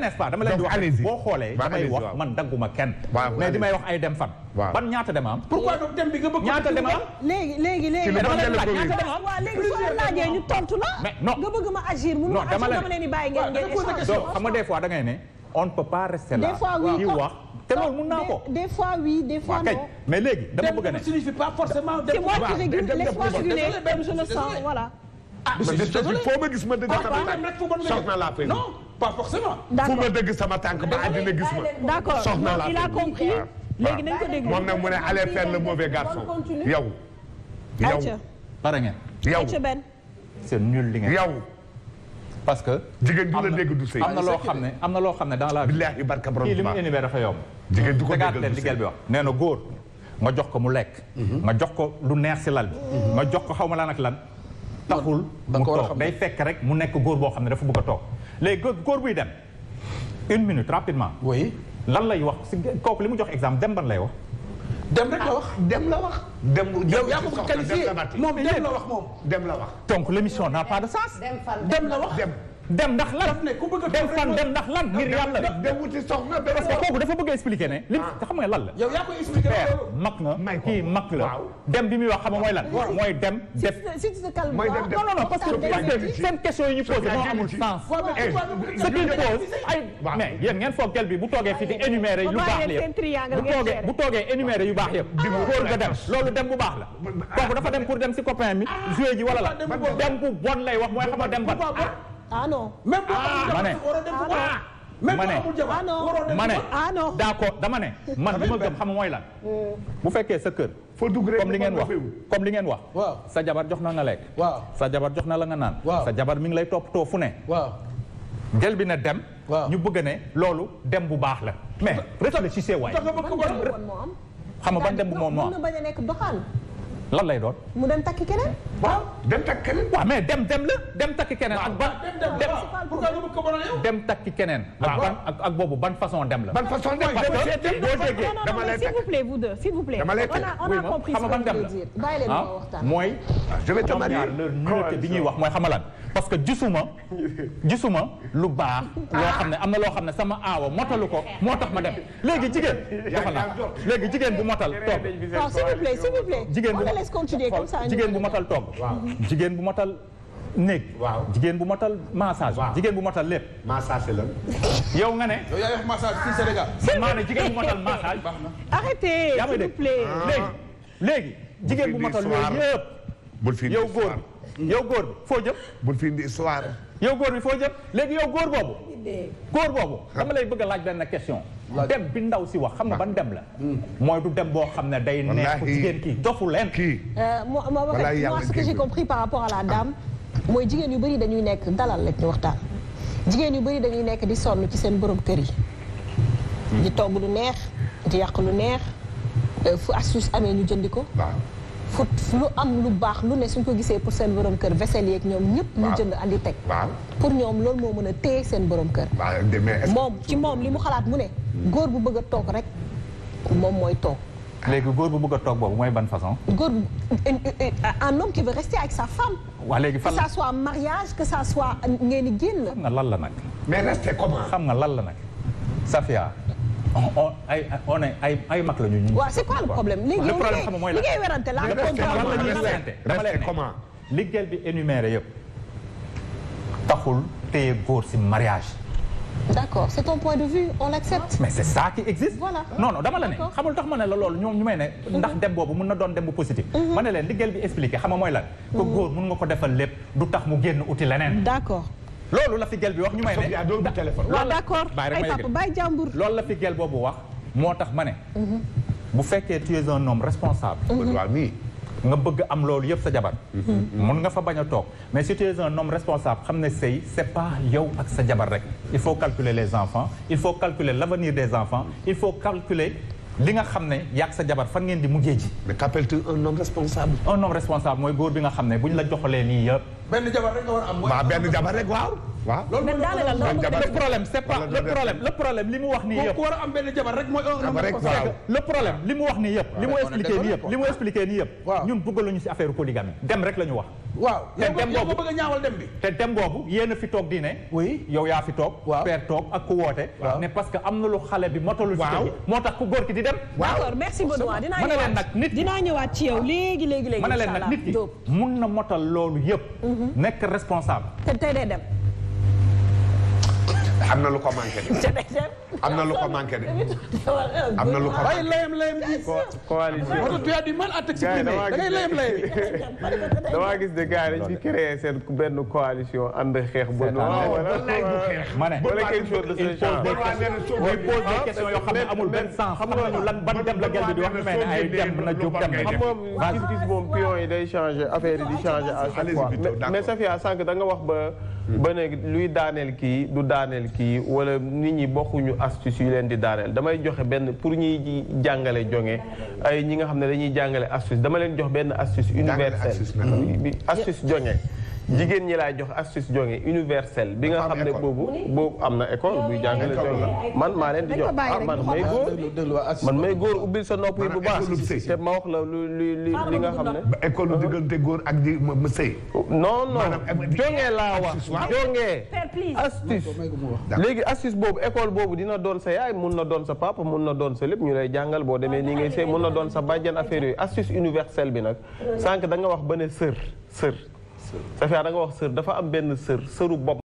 nga n'est-ce pas dama leen di wax boo xoolee damay wax man dagguma kenn mais di may wax ay dem fan ban ñaata dem am pourquoi donc dem bi nga bëgg ñaata dem am léegi léegi léegi dama leen laaj ñaata dem am waaw léegi soo leen laajee ñu tontu la nga bëgg ma agir mënu ma agir dama leen di bàyyi ngeen ngeen échange donc xam nga des fois da ngay ne on ne peut pas rester là di wax te loolu mun naa ko des fois oui des fois non mais léegi dama bëgg ne signifie pas forcément c'est moi qui régule laisse-moi réguler comme je le sens voilà ah mais il faut ma gis ma dëgg soxna la présidente pas forcément. fu ma dëgg sama tànk ba àddina gis ma. d'accord soxna laa il a compris. léegi nañ ko dégg moom nag mu ne allez faire le mauvais garçon. yow. yow pare ngeen. yow c'est nul li ngeen. yow. parce que. jigéen du la dégg du sëy. am na loo xam ne am na loo xam ne dans la. billaahi barka borom kii li mu énuméré dafa yomb. jigéen du ko déggal du sëy li bi wax nee na góor. nga jox ko mu lekk. nga mhm. jox ko lu neex si lal bi. nga mhm. jox ko xaw ma lan ak lan. taxul mu toog day fekk rek mu nekk góor boo xam ne dafa bëgg a toog. léegi góor buy dem une minute rapidement. oui lan lay wax si kooku li mu jox exemple dem ban lay wax. dem rek la wax dem la wax. dem yow yaa ko fa qualifié moom dem la wax moom. dem la wax. donc l' émission n' a pas de sens. dem la wax dem. dem ndax lan daf ne ku bëgg a dem fan dem ndax lan ngir yàlla dem wuti soxna parce que kooku dafa bëgg a expliquer ne li ah. xam nga lan la yow yaa koy expliquer loolu mag na kii mag la dem bi muy wax xam nga mooy lan mooy dem def si tu te calmes non non non parce que parce que seen question yi ñu posé moo amul sens eh, ce qu'il pose ay mais yéen ngeen foog gel bi bu toogee fii di énumérer yu baax la yëpp bu toogee bu toogee énumérer yu baax yëpp góor nga dem loolu dem bu baax la ah. kooku dafa dem pour dem si copain mi ah. jouer ji wala la dem bu bon lay wax mooy xam nga dem ban ah non. même ma ne ma ne d'accord dama ne man li ma gëm xam mooy lan. Hmm. bu fekkee sa kër. foo dugg rek comme li ngeen wax comme li ngeen wax. sa jabar jox na nga lekk. sa jabar jox na la nga naan. sa jabar mi ngi lay toppatoo fu ne. waaw jël bi na dem. ñu bëgg ne loolu dem bu baax la. mais réfléchissez waay. xam nga ban dem bu moom moo am. lan lay doon. mu dem takki keneen. waaw dem takk keneen. waaw mais dem dem la dem takk keneen. ak ban dem dem takk keneen. ak ban ak boobu ban façon dem la. ban façon dem parce que boo déggee dama lay s'il vous plaît vous deux s'il vous plaît. dama lay on a compris ce que vous dire bàyyi leen ma ah, waxtaan mooy. Ah, je vais te marier nullité bi ñuy wax mooy xamalan parce que gisuma gisuma lu baax. loo xam ne am na loo xam ne sama aawa motalu ko moo tax ma dem léegi jigéen. joxal naa léegi jigéen bu motal toog. s'il vous plaît s'il vous plaît. jigéen bu motal toog robe. jigéen bu matal néeg. waaw jigéen bu matal massage. jigéen bu matal lépp. massage la. yow nga ne. yow yaa wax massage fii Sénégal. maa ne jigéen bu matal massage. baax na arrêtez s'il vous plaît. Ah. léegi léegi jigéen bu matal loolu yëpp. bul fi yow góor bi yow góor bi foo jëm. bul fi indi histoire. yow góor bi foo jëm léegi yow góor boobu. góor boobu dama lay bëgg a laaj benn question. dem bi ndaw si wax xam nga ban dem la. Hmm. mooy du dem boo xam ne day neex ku jigéen kii dofu leen. kii euh, walaay yàlla ce que j'ai compris par rapport à la dame. mooy jigéen yu bëri dañuy nekk dalal la waxtaan. jigéen yu bëri dañuy nekk di sonn ci seen borom kër yi. Hmm. di togg lu neex di yàq lu neex euh, fu astuce amee ñu jëndi ko. fut lu am lu baax lu ne suñ ko gisee pour seen boroom kër vaisselle yeeg ñoom ñëpp ñu jënd andi teg pour ñoom loolu moo mën a téye seen borom kër moom ci moom li mu xalaat mu ne góor bu bëgg a toog rek moom mooy toog léegi góor bu bëgg toog boobu mooy ban façon góor un homme qui veut rester avec sa femme waa léegi fan que ça soit mariage que ça soit ngeen di génn xam nga lan la nag mais rester comment xam nga lan la nag Safia on ay on ay ay mag la ñu. waaw c'est quoi le problème léegi yow li ngay werante la comment liggéey bi énuméré yëpp taxul téye góor si mariage. d'accord c'est ton point de vue on l'accepte. mais c'est ça qui existe. voilà non non dama la ne xamul tax ma ne la loolu ñoom ñu may ne. ndax mhm. dem boobu mun na doon dem bu positif. Mhm. ma ne leen liggéey bi expliqué xam nga mooy lan. que mhm. góor mun nga ko defal lépp du tax mu génn uti leneen. d'accord. loolu la gel bi wax ñu may ne. loolu téléphone loolu d'accord ay papa bàyyi jàmbur loolu la fi gel boobu wax moo tax ma ne. Mhm. bu fekkee tu es un homme responsable. waaw mhm. nga bëgg am loolu yëpp sa jabar. Mhm. mun nga fa bañ a toog mais si tu es un homme responsable xam ne sëy c'est pas yow ak sa jabar rek. il faut calculer les enfants il faut calculer l'avenir des enfants il faut calculer. li nga xam ne yàgg sa jabar fan ngeen di mujjee ji. mais qu'appelles-tu un homme responsable. un homme responsable mooy góor bi nga xam ne bu ñu la joxalee lii benn jabar rek nga war a am. waaw benn jabar rek waaw. waaw loolu le problème c'est pas le problème le a am benn mooy. am na lu xale bi motalu. waaw ci moo tax ku góor ki di dem. waaw d'accord leen nag nit mun na motal loolu yëpp mhm. Mm-hmm. nekk responsable. te tey day dem. am na lu ko manqué de. am na lu ko manqué de. am na lu ko manqué de. waaye layam layam bi. coalition moo tax tu as du mal à t'exprimer da ngay layam layam. damaa gis ne gars yi dañuy créé seen benn coalition ànd xeex ba. waaw wala ma ne. wala quelque chose de ce genre. mooy pose des questions yoo xam ne amul benn sens. xam nga lan ban dem la gerte di wax mais ay dem na jóg dem na. xam nga gis-gis moom pion yi day changé affaire yi di changé à chaque fois mais Safia sànq da nga wax ba. Mm-hmm. ba ne luy daaneel kii du daaneel kii wala nit ñi bokkuñu astuce yu leen di daaneel damay joxe benn pour ñuy jàngale jonge ay ñi nga xam ne dañuy jàngale astuce dama leen jox benn astuce universelle astuce mm-hmm. jonge jigéen ñi laay jox astuce jonge universel bi nga xam ne boobu boobu am na école buy jàngale jonge man maa leen di jox ah, man may góor man may góor ubbil sa nopp bu baax te ma wax la lu li li nga xam ne école lu diggante góor ak di ma sëy non non jonge laa wax jonge astuce léegi astuce boobu école boobu dina doon sa yaay mun na doon sa papa mun na doon sa lépp ñu lay jàngal boo demee nii ngay sëy mun na doon sa bàjjan affaire yooyu astuce universelle bi nag euh. sànq da nga wax ba ne sër sër Safia danga wax sër dafa am benn sër sëru bopp